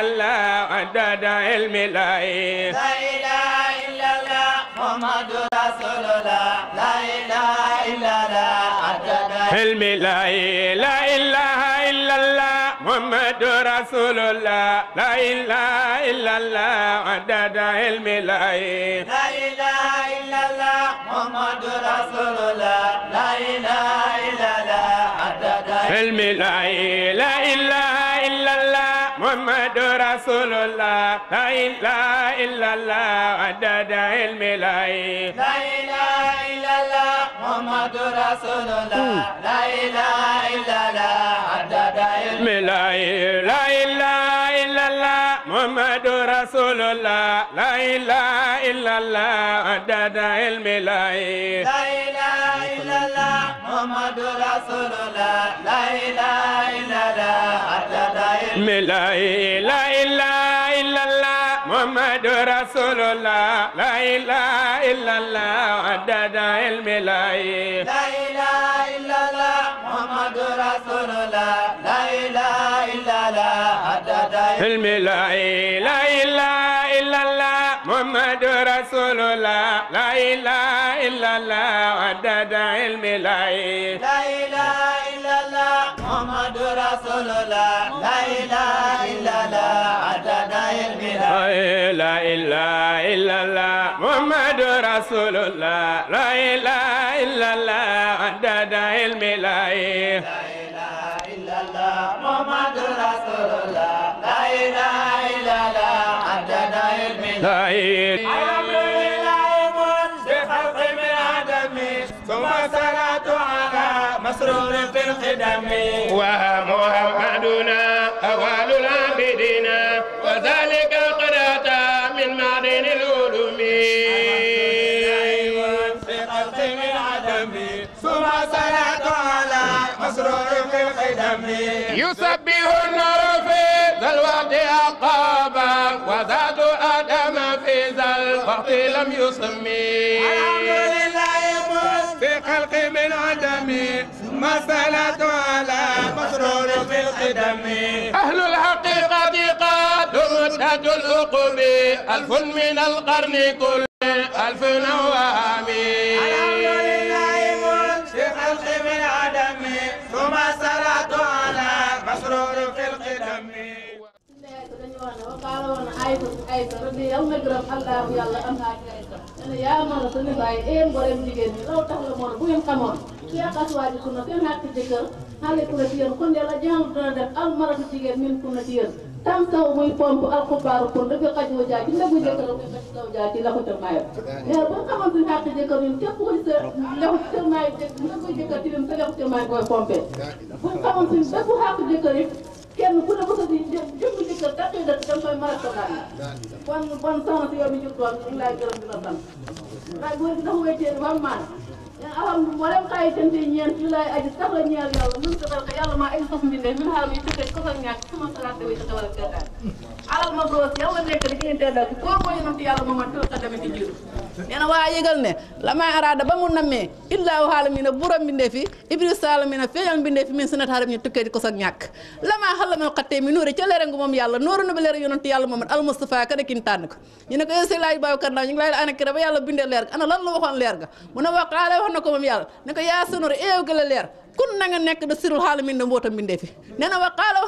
الله عدد علم لا إله إلا الله محمد رسول الله لا إله إلا الله عدد علم لا إله إلا الله محمد رسول الله لا إله إلا الله عدد علم لا إله إلا الله محمد رسول الله لا إله إلا الله عدد علم لا إله إلا الله محمد رسول الله لا إله إلا الله عدد علم لا إله إلا الله محمد رسول الله لا إله إلا الله عدد علم لا إله إلا الله محمد رسول الله لا إله إلا الله عدد علم لا إله Muhammadu Rasulullah la ilaha illallah la ilaha illallah Muhammadu Rasulullah la ilaha illallah adada ilmi la ilaha illallah Muhammadu Rasulullah la ilaha illallah adada ilmi la ilaha illallah محمد رسول الله لا إله إلا الله عدد علم لا لا إله إلا الله محمد رسول الله لا إله إلا الله عدد علم لا لا إله إلا الله محمد رسول الله لا إله إلا الله عدد علم لا العليل الأمر لائم بخلق من عدم ثم الصلاة على مسرور في الخدم ومحمدنا أول العابدين وذلك القراءة من معدن العلوم بخلق من عدم ثم صلاة على مسرور في القدم يسبح النار وقتي لم يسمي الحمد لله في خلقي من عدمي ثم سالت على مسرور في القدم أهل الحقيقة قد مدة الاقوم ألف من القرن كل ألف نوامي kawana a ayta radi yal na gërëm allahu yàlla am naa ci ayta dana yaa mën a sa ni bàyyi ee mboolem jigéen ñi loolu tax la moo bu ngeen xamoon yaa xaswaaji ku na seen xàq jëkkër xale ku na ci yéen kon yàlla jaam dana def al maratu jigéen min ku na ci tam taw muy pomp al xubaaru kon dafa xajoo jaay ci ndagu jëkkër la koy xaj taw jaay ci la ko ca mayo mais bu xamoon suñu xàq jëkkër ñun képp ku sa ndagu ca maay ndagu jëkkër ci lim sa ndagu ca maay koy pompé bu xamoon suñu dëggu xàq jëkkër yi kenn o ne bu ko si jëm jëmmi jëkkër kat koy dëkk tam mooy mara ko daan kon bon soxna si yow mi jur doon ñu laay gërëm di la sant waaye góor gi dafa wéy teel ba maan alhamdulilah mboolem xaayi cant yi ñeent yu lay aji sax la ñeel yàlla mun ko barka yàlla maa ay sos mbinde min xaaral mi tëkkee ko sa ñàkk suma salaat dawi sa tawal ak alal ma broos yow la nekk di ko teddal koo ko yonant yàlla moom a tëkkal tamit di jiitu nee waa yëgal ne lama araada ba mu nammee illaahu haalami na buram bindee fi ibris saalami na feeñal bindee fi min sunat haram ñu tukkee di ko sag ñàkk lamaa xallamel xattee mi nuuri ca leerangu moom yàlla nooru na ba leer yonent yàlla moom al Mustafa ka nekin tànn ko ñu ne ko yow sëñ laaj Babacar ñu ngi lay la ana kira ba yàlla bindee leer ga ana lan la waxoon leer ga mu ne wax na nga nekk da sirul xaalamin da wax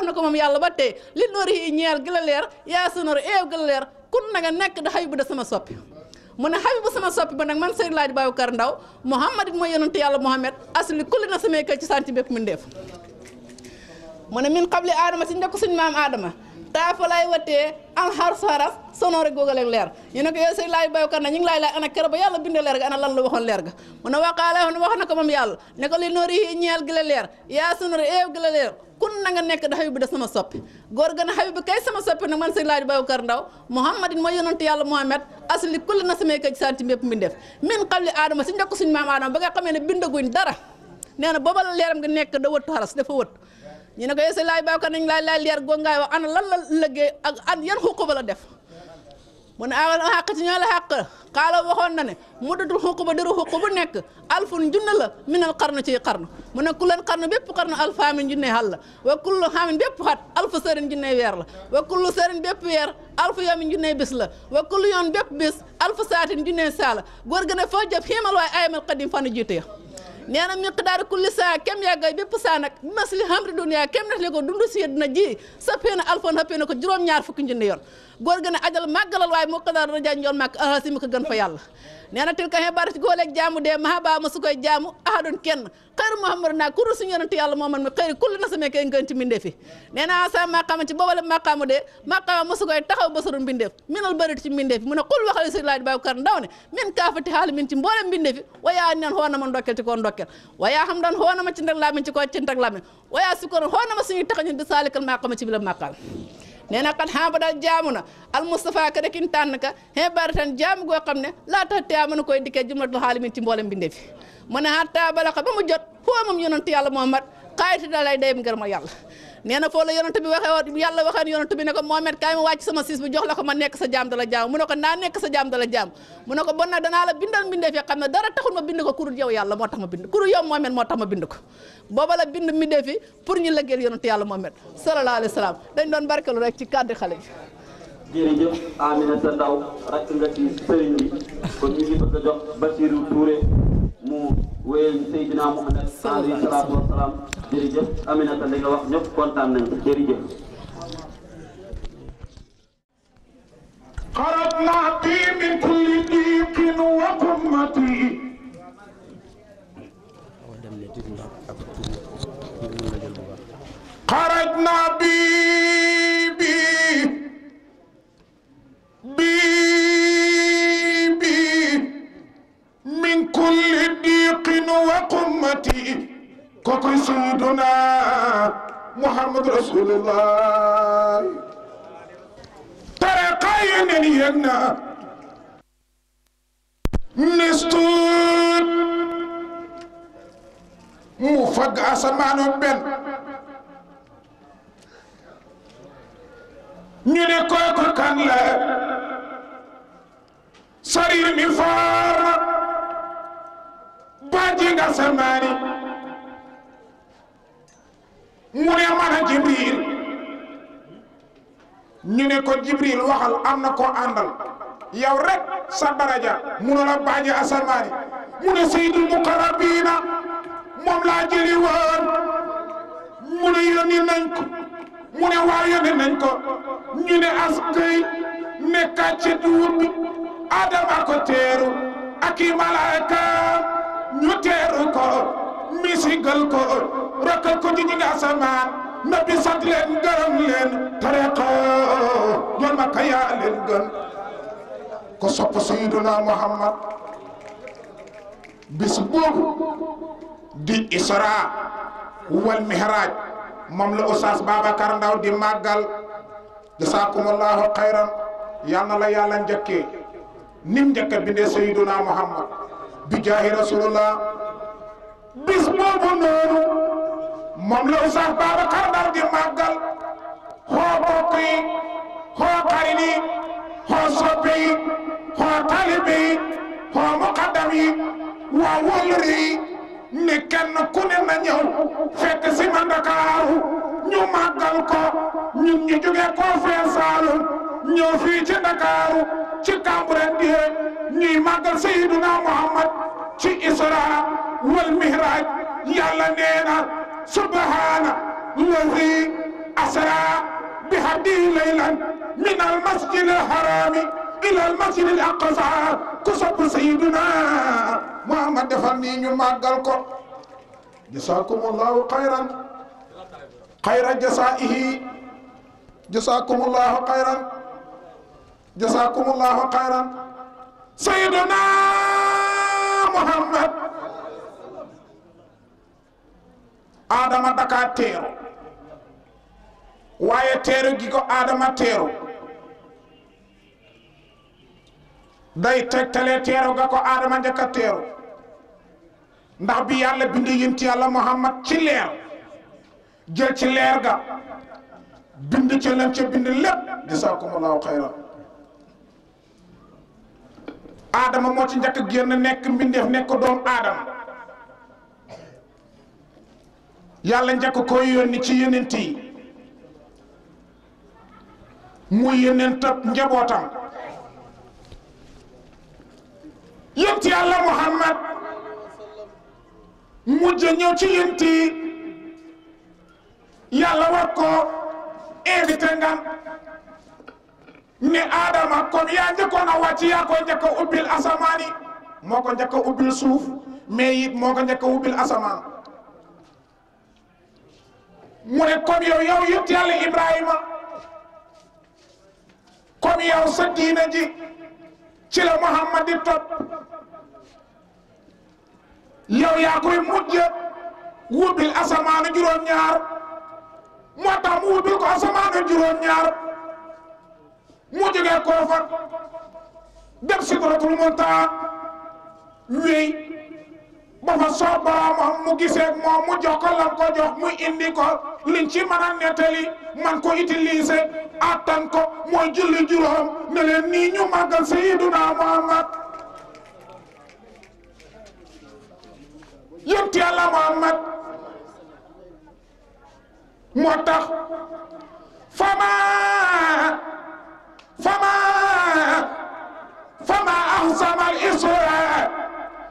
na ko moom yàlla ba tey li noori yi ñeel gëla leer yaa sunur eew gëla leer kun na nga nekk da xay bu sama soppi mu ne Habibu sama soppi ba nag man Seydi Laaji Babacar Ndaw Muhammad it mooy yonent yàlla Muhammad asli kulli na samay kër ci sant bépp mu ndeef mu ne min qabli aadama si njëkk suñu maam aadama taafa laay watee am xar saras sonoore googaleeg leer ñu ne ko yow Seydi Laaji Babacar na ñu ngi laay laaj ana kër ba yàlla bindee leer ga a lan la waxoon leer ga mu ne waqaa lay wax na ko moom yàlla ne ko li noori ñeel gi la leer yaa sunori eew gi kun na nekk da Habibou da sama soppi góor ga ne Habibou kay sama soppi nag man sëñ Laay Babakar Ndaw Muhammadin mooy yonantu yàlla Muhammad asli kulli na samay kër santi mbépp mi def min aadama si njëkk suñu maam aadama ba nga xamee ne bindaguñ dara nee na la leeram nga nekk da wëttu xaras dafa wëttu ñu ne ko yow sëñ Laay Babakar nañ laay laay leer gongaay wax ana lan la lëggee ak an yan xuquba la def mu ne a xàq ci ñoo la xàq xaala waxoon na ne muddatul xuquba diru xuqu bu nekk alfun junna la minal xarnu ci xarnu mu ne kullan xarnu bépp xarnu alfaamin junne xal la wa kullu xaamin bépp xat alfu sërin junne weer la wa kullu sërin bépp weer alfu yoomin junne bis la wa kullu yoon bépp bis alfu saatin junne saa la góor gën a foo jëf xiimal waaye ayamal xadim fanu jiite nee na ñett daari kulli saa kem yàggay bépp saa nag masli hamri duniya kem def ko dund si na ji sa peena alfon ko juróom-ñaar fukki njënd yoon góor gën a ajal màggalal waaye moo ko a rajañ yoon màkk alhaasi mi ko gën fa yàlla nee na tilka xebarat góoleeg jaamu dee maa baa ma su koy jaamu ahadun kenn xayru muhammadu naa kuru suñu yonent yàlla moo man mi xëyri kulli na samee koy ngënti mbindeef yi nee na sa maqaama ci boobale maqaamu dee maqaama ma su koy taxaw basarun mbindeef minal bërit ci mbindeef yi mu ne xul waxali si laaj Babakar Ndaw ne min kaafati xaali min ci mboolem mbindeef yi wayaa nan xoona ma ndokkel ci koo ndokkel wayaa xam daan xoona ma ci la nee na xat xan ba dal jaamu na al Mustafa ka rekin tànn ka xen bari tan jaamu goo xam ne laa tax te mën a koy dikkee jumlatul xaalimin ci mboole bindee fi mu ne xatta bala ko ba mu jot foo moom yonent yàlla Muhammad xaayiti da lay dayem ma yàlla nee na foofu la yonent bi waxee woon yàlla waxee yonent bi ne ko Mohamed kaay ma wàcc sama siis bi jox la ko ma nekk sa jaam dala jaam mu ne ko naa nekk sa jaam dala jaam mu ne ko bon moo tax ma bind ko booba la bind mbindeef yi pour ñu lëggeel yonent yàlla Mohamed sallallahu salaam dañ doon barkelu rek ci kàddu xale yi jërëjëf Aminata Ndaw rakk nga ci sëriñ bi kon ñu ngi bëgg a jox Basirou Touré mu wéyal Seydina Muhammad alayhi salaatu wa salaam jërëjëf Aminata li nga wax ñëpp kontaan nañ ci jërëjëf. قرضناكي من كل ضيق وقمتي خرجنا بي بي وقمتي كوكو سيدنا محمد رسول الله ترى لينا ينا نستور مفق أسمان بن نيني كوكو كان لا سرير فارق bajinga samani mu ne man a jibril ne ko jibril waxal am na ko àndal yow rek sa mu ne la baaje asamaani mu ne seydul muqarrabina moom laa jëli mu ne yónni nañ ko mu ne waa yónni nañ ko ñu ne askay nekkaat ci duur adama ko teeru ak i malaaka ñu teeru ko gal ko rakkal ko ci ñi nga nabi sant leen gërëm leen tariqa ñoon ma kayaa leen gën ko sopp sayyiduna muhammad bis di isra wal mihraj moom la oustaz Babacar Ndaw di magal jasakumullahu xayran yal na la yàlla nim njëkk a bindee sayyiduna muhammad bi jaahi rasulullah bis boobu noonu moom la Oustaz Babacar Ndar di màggal xoo bokk yi xoo xarit yi xoo soppe yi xoo talibe yi xoo muqaddam yi waa wóllëre yi ne kenn ku ne na ñëw fekk si ma Ndakaaru ñu màggal ko ñun ñu jógee koo fee Saalum ñëw fii ci Ndakaaru ci Cambérène ñuy màggal Sayyiduna Muhammad ci Isra wal Mihraj yàlla nee na subhaana lazi asra bi abdihi laylan min al masjid al harami ila al masjid al aqsa ku sopp Sayyiduna Muhammad defal nii ñu màggal ko jazakumullahu xayran xayra jasaihi jazakumullahu xayran jazakumullahu khairan sayyiduna muhammad adama daka teeru waaye teeru gi ko adama teeru day tegtalee teeru ga ko adama njëkka teeru ndax bi yàlla bind yinti yàlla muhammad ci leer jël ci leer ga bind ci lan ca bind lépp jazakumullahu khairan aadama moo ci njëkk génn nekk mbindeef nekk doomu aadama yàlla njëkk koy yónni ci yonent yi muy yónneen topp njabootam yonent yàlla Muhammad mujj ñëw ci yonent yàlla war ko invité nga ne Adama comme yaa njëkkoon a yaa ko njëkk ubbil asamaan moo ko njëkk ubbil suuf mais it moo ko njëkk a ubbil asamaan mu ne comme yow yow yit Ibrahima comme yow sa ci la Muhammad di topp yaa koy mujj wubbil asamaan juróom-ñaar moo tax mu wubbil ko asamaan juróom-ñaar. moo jógee Koofar dem Sidratul Muntaha wéy ba fa soob mu gisee moom mu jox ko lan ko jox mu indi ko liñ ci mën nettali man ko utiliser attan ko mooy julli juróom ne nii ñu màggal Sayyiduna Muhammad yonent Yàlla Muhammad moo tax fama فما فما أحسن الإسراء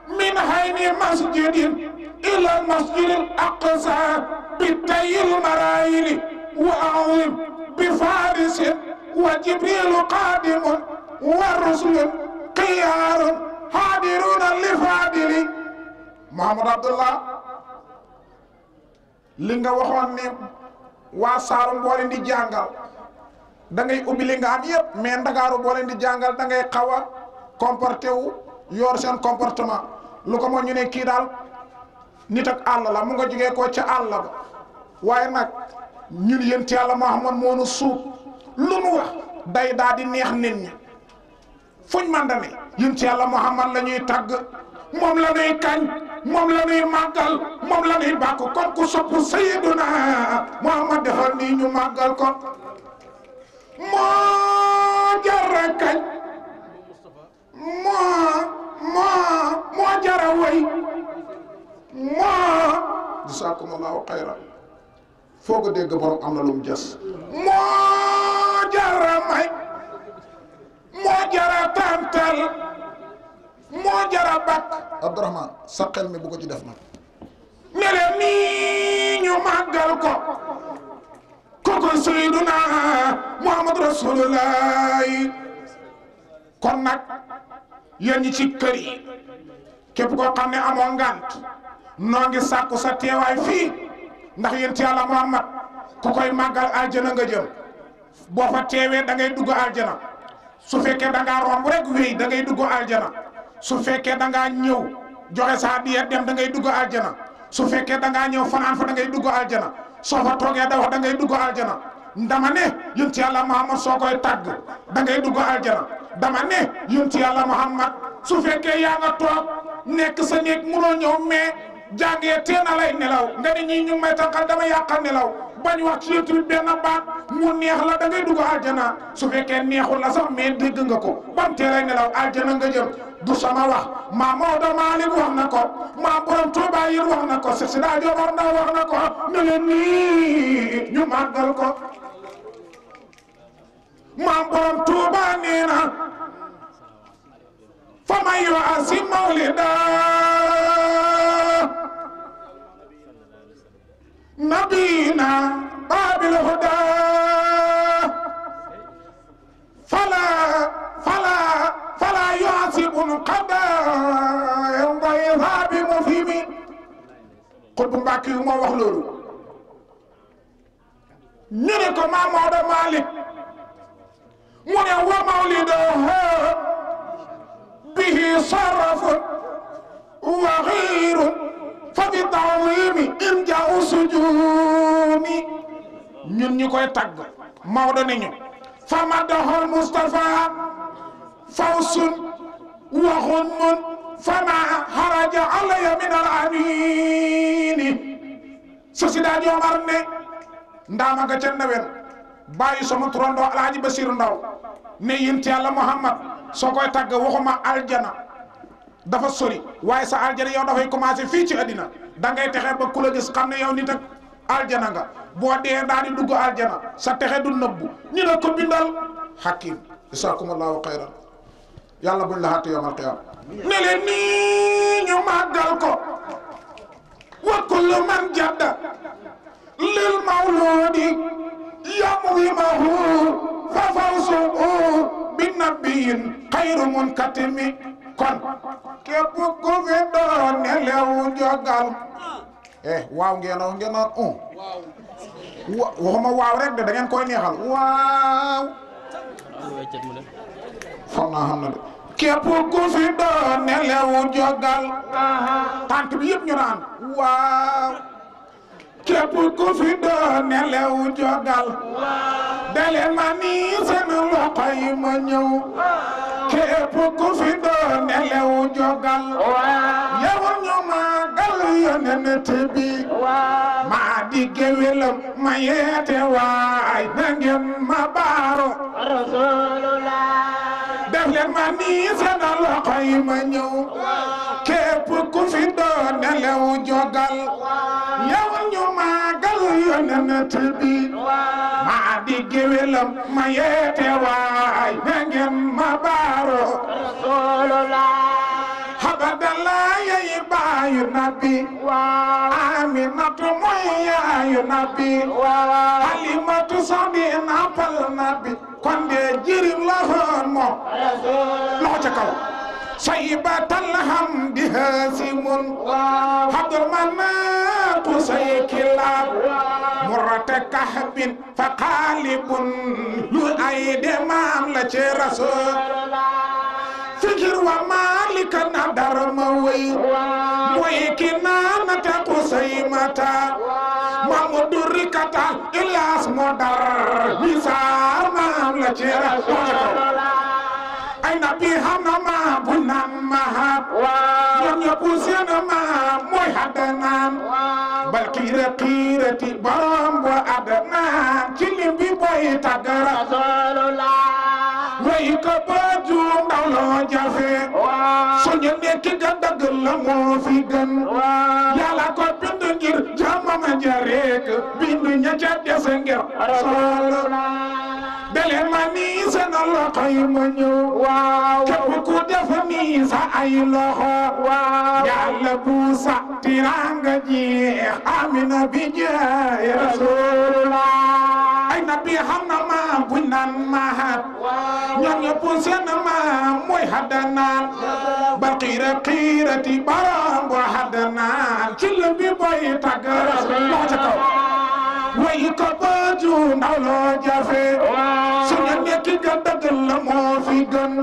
من هين مسجد إلى المسجد الأقصى بالتي المرايل وأعظم بفارس وجبريل قادم والرسل قيار حاضرون لفاضل محمد عبد الله لينغا وخون ني وا سارو دي جانغال da ngay ubbi li nga am yëpp mais ndakaaru boo leen di jàngal da ngay xaw a comporté wu yor seen comportement lu ko moo ñu ne kii daal nit ak àll la mu nga jógee ko ca àll ba waaye nag ñun yéen ci yàlla Muhammad moo nu suub lu nu wax day daa di neex nit ñi fuñ man ne yàlla Muhammad la ñuy tagg moom la nuy kañ moom la nuy màggal moom la nuy bàkk kon ku sopp Sayyiduna Muhammad defal nii ñu màggal ko moo jara kañ moo moo moo jara way moo jasakumullahu xayra foo ko dégg borom am na lu mu jas moo jara may moo jara tantal moo jara bakk Abdourahman sa xel mi bu ko ci def nag ne nii ñu màggal ko ko sayyiduna muhammad rasulullah kon nak yéen ñi ci keur yi kep ko xamne ne ngant noo ngi sàkku sa teway fi ndax yéen ci yàlla muhammad ku koy magal aljana nga jëm bo fa tewé da ngay dugg aljana su fekke da nga romb rek wi da ngay dugg aljana su fekke da nga ñew joxe sa diya dem da ngay dugg aljana su fekke da nga ñew fanan fa da ngay dugg aljana soo fa toogee da wax da ngay dugg aljana dama ne yonent yàlla Muhammad soo koy tàgg da ngay dugg aljana dama ne yonent yàlla Muhammad su fekkee yaa nga toog nekk sa néeg munoo ñëw mais jàngee teel na lay nelaw nga ne ñii ñu may tànqal dama yàqal nelaw. bañ wax ci yonent bi benn baat mu neex la da ngay dugg aljana su fekkee neexul la sax mais dégg nga ko bam teeray nelaw aljana nga jëm du sama wax maam Maodo Malick wax na ko maam borom Touba yi wax na ko Cheikh Sida Jobar Ndaw wax na ko ne leen nii ñu màggal ko maam borom Touba nee fa may yoo asi mawlida نبينا باب الهدى فلا فلا فلا يعصب القضاء يرضى بمفهم قلب مباكي ما wax loolu ñu ne ko Maam Maodo Malick mu bihi sarafun wa ghiirun fabitawimi im ja usujuni ñun ñukoy tag tagg Maodo fama ñu fa madaxol fausun fawsun waxun mun fama haraja alayya min al da sociedad Omar ne ndama ga ca nawer bàyyi sama turandoo alaji Basir Ndaw ne yent yalla Muhammad soo koy waxuma aljana dafa sori waaye sa aljana yow dafay commencé fii ci àddina da ngay texe ba ku la gis xam ne yow nit ak aljana nga boo dee daal di dugg aljana sa texe du nëbbu ñu la ko bindal hakim jazakumullahu xayran yàlla buñ la xàtte yawmal nii ñu màggal ko wa kullu man jadda lil mawludi yamwimahu fa fawsuhu bi nabiyyin xayru munkatimi kon képp ku fi doon nelew jogal eh waaw ngeen wax ngeen naan un waxuma waaw rek de da nelew jogal tànk bi yëpp ñu naan waaw képp ku fi doon nelew jogal dale ma nii seen loxo ma ñëw képp ku fi doon elew jogal yow ñu màggal yonent bi maa di géwélam ma yeete waay na ngeen baaro rasulullah ma nii seen ma ñëw képp ku fi doon elew jogal yow ñu màggal yonent bi maa di géwélam ma yeete waay ngeen ma baaro rasulullah habadallah yey baayu nabi aminatu mooy yaayu nabi halimatu sobi napal nabi kon de jirim la loxo ca kaw شيبة الحمد هاسم عبد المناط سيك مرة كحب فقالب لأيد مام لتي رسول فكر ومالك ندر موي مويك نانة قسيمة ممدركة إلاس مدر بسام مام لتي رسول rabbi xam bu naan ma xaab. ñëpp seen ma mooy adanaan. bal xiira xiirati borom bu adanaan ci lim bi booy tàggara. rasulullah. way ko jafe. waaw suñu nekk ga dëgg moo fi gën. waaw ko bind ngir jaamama ja bindu ña ca des bele ma miisa na loxo yi ma ñëw waaw képp ku def miisa ay loxo waaw yàlla bu sa tiranga jeex amina bi jaay rasulullah ay nabi xam na ma buñ naan mahat ñoom ñëpp seen maam mooy hadanaan ba xiira xiirati ci la bi boy tàgg rasul loxo ca way ko booju ndaw loo jafe su nga nekki nga la moo fi gën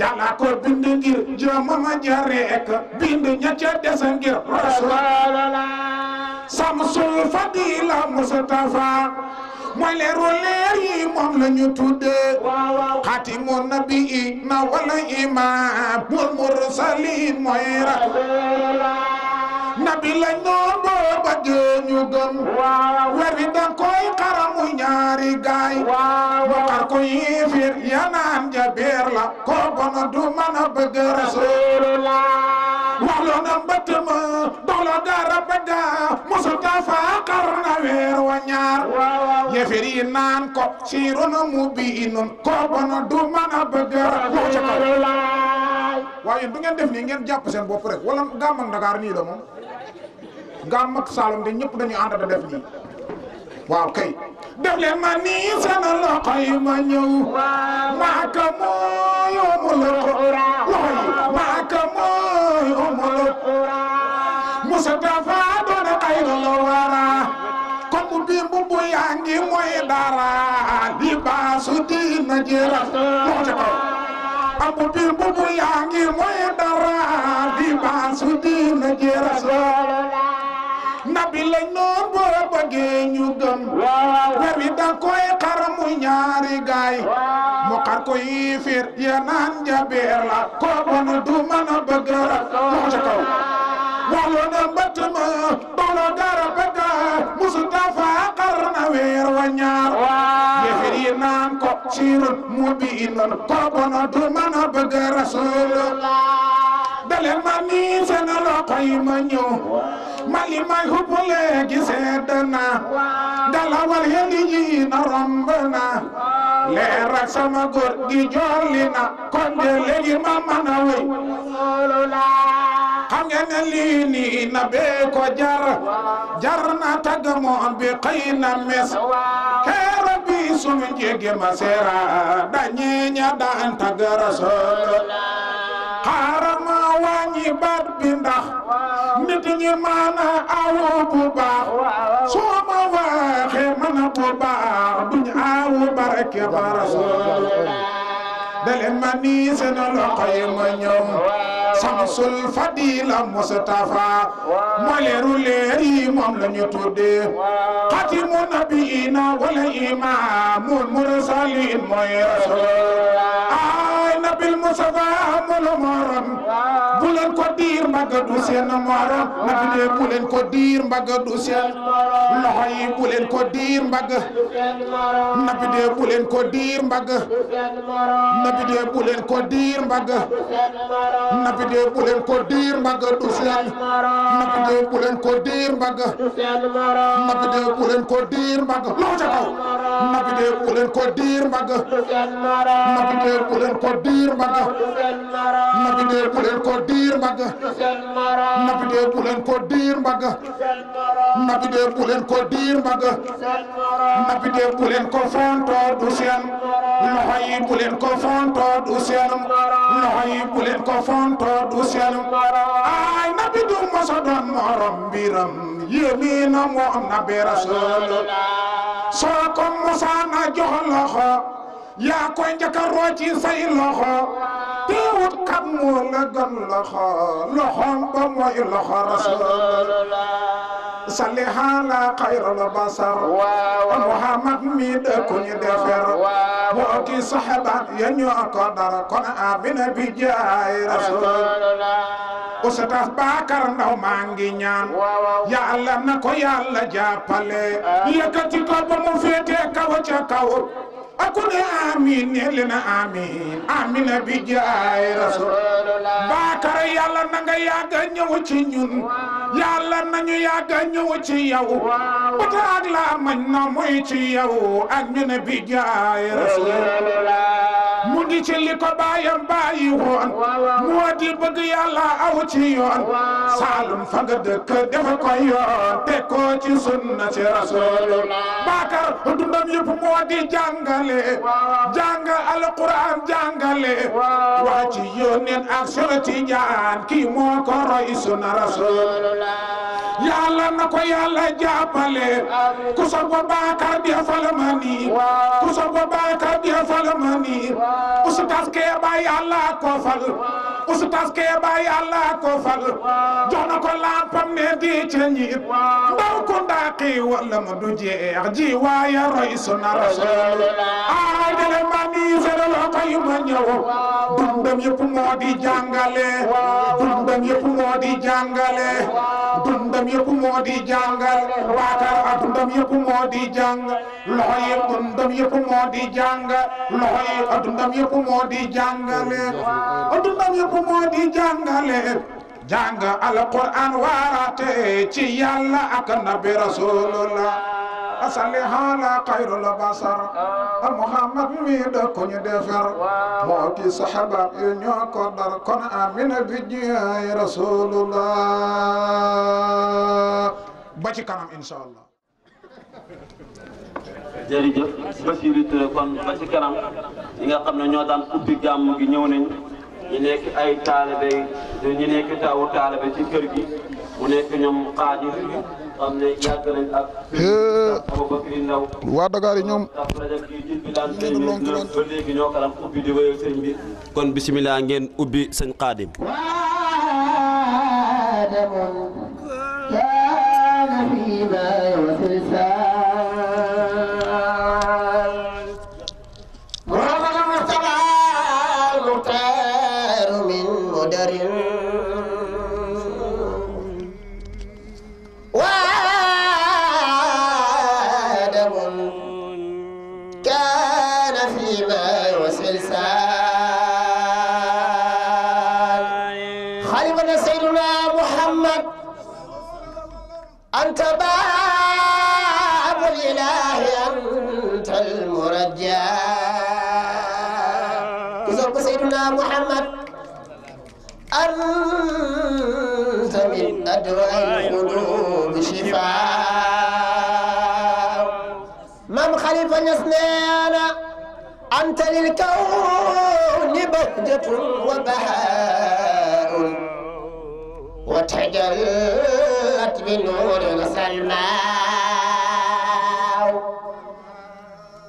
yàlla ko bind ngir ja rekk bind ña ca des ngir rasulala samsul fadila mustafa mooy leeru leer yi moom la ñu tuddee xaatimu nabi i na wala imaam wal mursaliin mooy ra nabi lañ noo boo bëggee ñu gëm weer wi da koy xaramu ñaari gaay mu xar ko yiifir yanaan ja biir la koo bona du mën a bëgg rasulullah wax loo na mbëtt ma dox la wadda ta fa karna wer wa nyar ye feri nan ko siirun mubiinun ko bono du mana a ko ci ko way du ngeen def ni ngeen japp sen bop rek wala gam ak Dakar ni do mom gam ak Saloum de ñepp dañu ànd da def ni waaw kay def leen ma nii seen loxo yi ma ñëw maa ka mooy umul loxo yi maa ka mooy umul Mustafa doon xayrul wara ko mu dimbu yaa ngi mooy dara libaasu diina ji rafet amu dimbu bu yaa ngi mooy dara libaasu diina ji rafet nabi la noon boo bëggee ñu gëm nabi da koy xar mu ñaari gaay mu xar ko yiifir ko bon du mën a bëgg ra moo ca kaw waxloona mbëttma bawloo dara bëgga Mustafa xarna weer wa ñaar yi naan ko siirun mubiinun ko bona du mën a bëgg Rasulullah ma nii seen loxo yi ma ñëw may xubbu léegi sedd na dalawal yéli na romb na sama góor gi jolli na kon de ma mën a xam ngeen ne na bee ko jar jar na tagg moom bi xëy na mes keero bi suñu njéegi ma seera dañi ña daan tagg rasool xaaral ma wàññi baat bi ndax nit ñi mën a awu baax soo ma waxee mën a bu baax duñ awu barke ba rasool daleen ma nii seen loxo yi ma ñoom samsul fadila mustafa moo leeru leer yi moom la ñu tuddee xatimu nabiina wala imaamul mursalin mooy rasul ay nabil mustafa mulu morom diir mbagga du seen morom nabi ne bu leen ko diir mbagga du seen loxo yi bu leen ko diir mbagga nabi ne bu leen ko diir mbagga nabi ne bu leen ko diir mbagga nabi dia bu kodir ko diir mbagga du seen nabi ko diir mbagga nabi ne ko diir mbagga nabi ko diir mbagga nabi ne ko ko nabi dee bu ko diir mbagg dee bu ko diir du seen loxo yi ko fontoo du seen loxo yi ko fontoo du seen ay nabi du mos a doon morom mbiram yéemi na na bi rasul soo ko mosaan a jox loxo yaa koy njëkk a rocci say loxo teewut xam moo nga gëm loxo loxoom ba mooy loxo rasul salli xaala xayrul basar wa muhammad mi dëkku ñu defar moo ki saxabaat ya ñoo ko dara kon amina bi jaay rasul ustaas baakar ndaw maa ngi ñaan yàlla na ko yàlla jàppale yëkkati ko ba mu féetee kaw ca kaw أكون آمين يلنا آمين آمين بجاي رسول باكر يالا نغا ياغا نيو تي نيون يالا نانيو ياغا نيو تي ياو بتا اك لا من نوي تي ياو آمين بجاي رسول الله ngi ci li ko baayam bàyyi woon moo di bëgg yàlla aw ci yoon saalum fa nga yoon te ko ci baakar dundam yëpp moo di jàngale jàng alquran jàngale waa ci yónneen ak sunu tijaan kii moo ko roy sunna rasulullah na ko yàlla jàppale ku baakar defal ma nii baakar defal ma ustaas kee bàyyi Allah ko fal ustaas kee bàyyi Allah ko fal jox na ko lampam ne di ci ñiit ndaw ko ndaaki wala ma du jeex ji waaye roy sunna rasul ay dele ma ni sere loo koy ma ñëw dundam yëpp moo di jàngale dundam yëpp moo di jàngale dundam yëpp moo di jàngal waakar a dundam yëpp moo di jàng loxo yi dundam yëpp moo di jàng loxo yi a dundam yëpp yëpp moo di jàngale adduna yëpp moo ci yàlla ak nabi rasulullah asalli ala xayrul basar a muhammad mi dëkku ñu defar moo ki saxaaba ko dar kon amina bi jiyaay rasulullah ba kanam incha jeri Bassirou Touré kon ba ci kanam ñi nga xam ne daan ubbi gàmm gi ñëw nañ ñu nekk ay taalibe ñu nekk tawu taalibe ci kër gi mu nekk ñoom xaaji xam ne nañ ak Aboubacry Ndaw waa Dakar yi kon bisimilah ngeen ubbi sëñ Xaadim يا نبي ما يوصل أيضا سيدنا محمد أنت باب الإله أنت المرجى يزرق سيدنا محمد أنت من أدواء القلوب شفاء مام خليفة نسنانا أنت للكون بهجة وبهاء وتجلت بنور سلمى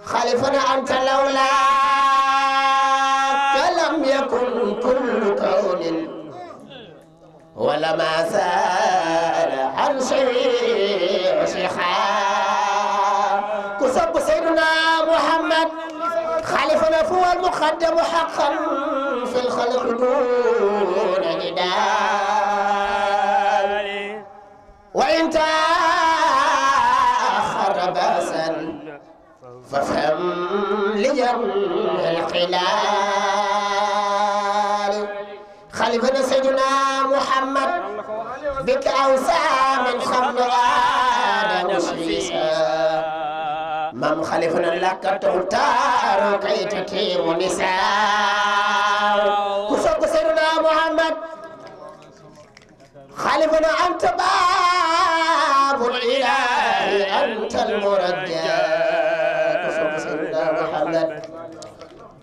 خلفنا أنت لولاك لم يكن كل كون ولما سال عن شيء شيخا كسب سيدنا محمد خلفنا فهو المقدم حقا في الخلق دون نداء فافهم لجم الخلال خلفنا سيدنا محمد بك أوسع من خمر آدم شريسا مم خلفنا لك تغتار كي تتيم نساء كسوك سيدنا محمد خلفنا أنت باب الإله أنت المرجع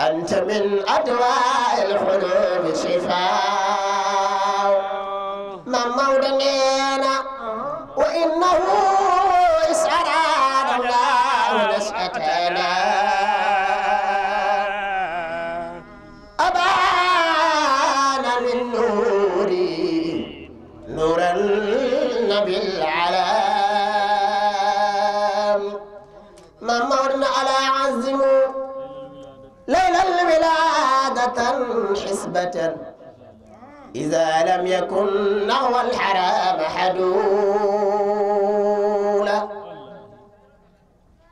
أنت من أدواء القلوب شفاء ما مولى وإنه البتر إذا لم يكن نهو الحرام حدولا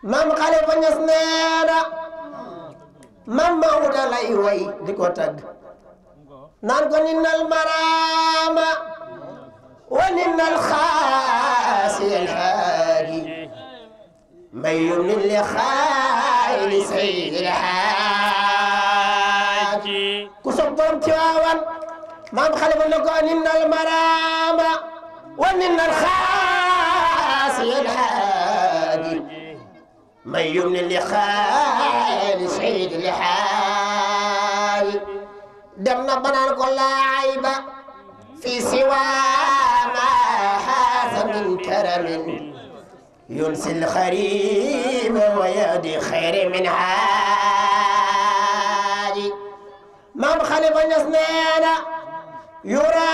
مام قلب نسنانا مام مهود لأيوي ديكوتك نانقن إن المرام وإن الخاسي الحاري من اللي لخائل سيد الحاري كسبهم تواول ما بخلف لك ان المرام وان الخاص الحادي ما يمن اللي خالص عيد الحال دمنا بنان كل عيبة في سوى ما حاث من كرم ينسي الخريم ويدي خير من حال مام خليفة نسنينا يورا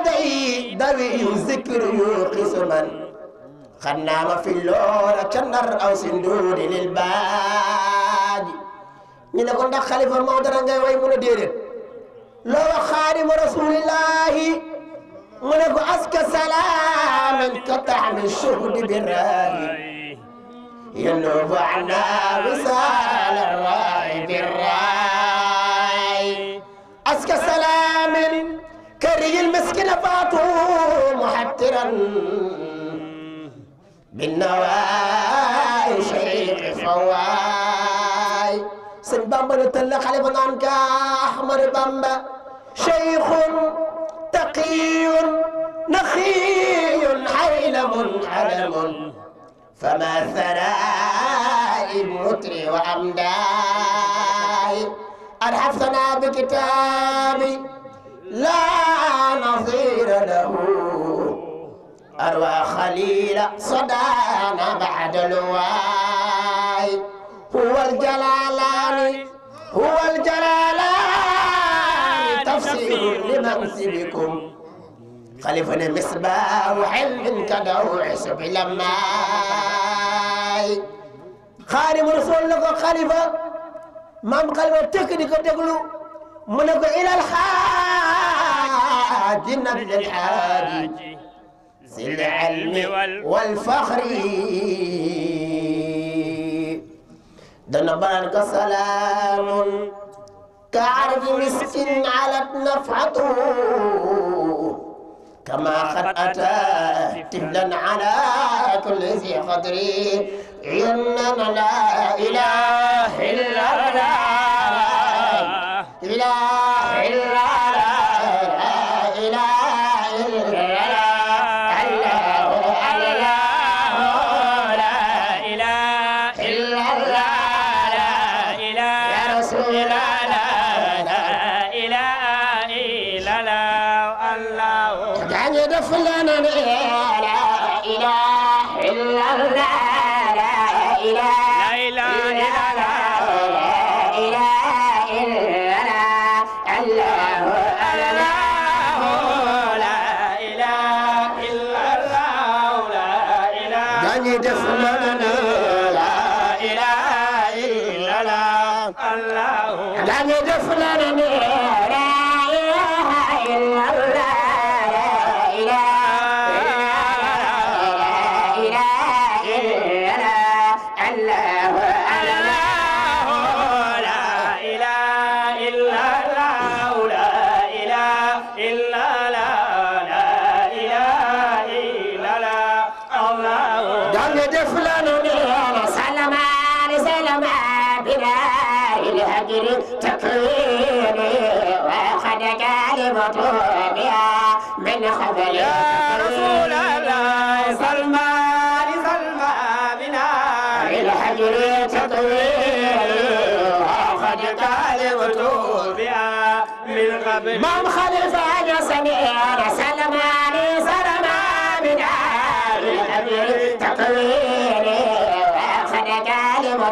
لدعي دوي ذكر يوقس من خنام في اللورة كنر أو سندود للباد من أقول لك خليفة الموضة رنجي ويمون ديرت لو خادم رسول الله من أقول سلام انقطع من شهود براهي ينوب عنا وسال الله مسك سلام كري المسك نفاته محترا بالنواء شيخ فواي سن بامبا نتلق على بنانك أحمر بامبا شيخ تقي نخي حيلم علم فما ثناء متري وأمداي ألحفنا بكتابي لا نظير له أروى خليل صدانا بعد الواي هو الجلالان هو الجلالان تفسير لمنسبكم خلفنا مصباح حلم كدوع سبل الماي خارم رسول الله خليفه مام قلبه تك ديك دغلو منك الى الحاج نرجع الحاج ذي العلم والفخر دنا بارك سلام كعرض مسكين علت نفعته كما قد أتى تبلا على كل ذي قدر إننا لا إله إلا الله إله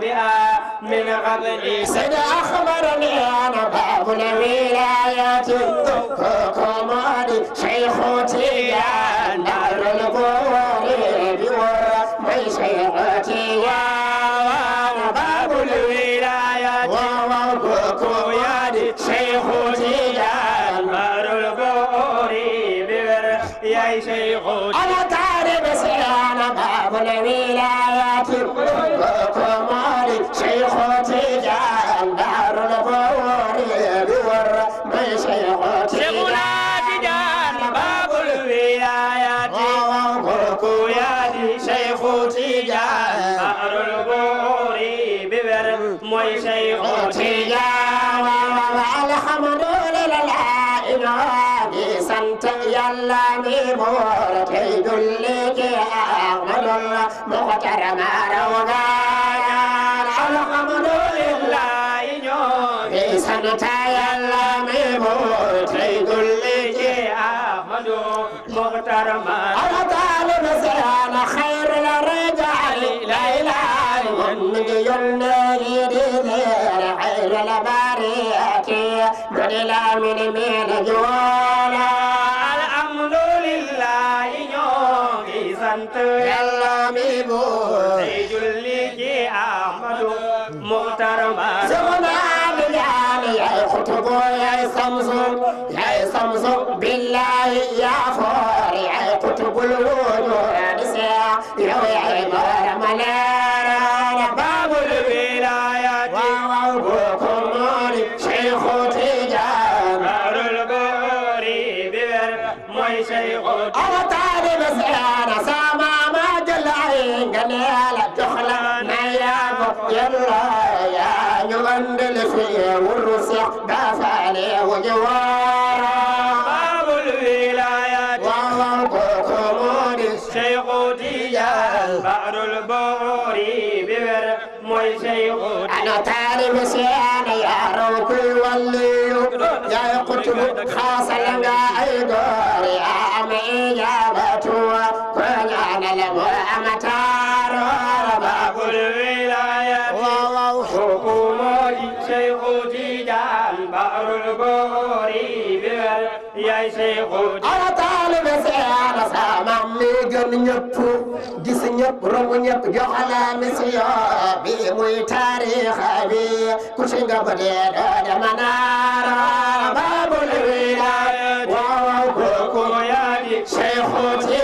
بها من قبل سد أخبرني أنا باب الولايات دكوك مالي شيخوتي يا مغترما الهدال نزلان خير الرجع لا إله النجي النجي عير البارية من لا من من جوالا عليه والرسل داس عليه باب الولايات وهو الخلود شيخ تجاه بحر البحور ببر شيخ أنا سيانا يا روكي والليو يا خاصة لنا أي دور يا أم إجابة وكنا لبو ana a seena saamam mi gën ñëpp gis ñëpp romb a joxala mission bi muy taarix bi ku ci nga bëggee doo dem naara baabul wilaaya waaw kooku yaa di Cheikh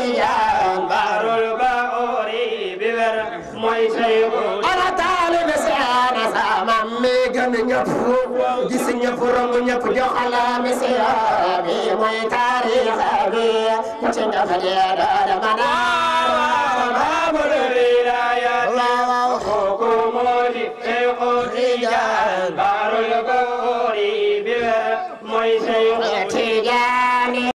gis ñëpp romb ñëpp jox ala misiya bi mooy taarix bi ku ci nga fa dee doo mën a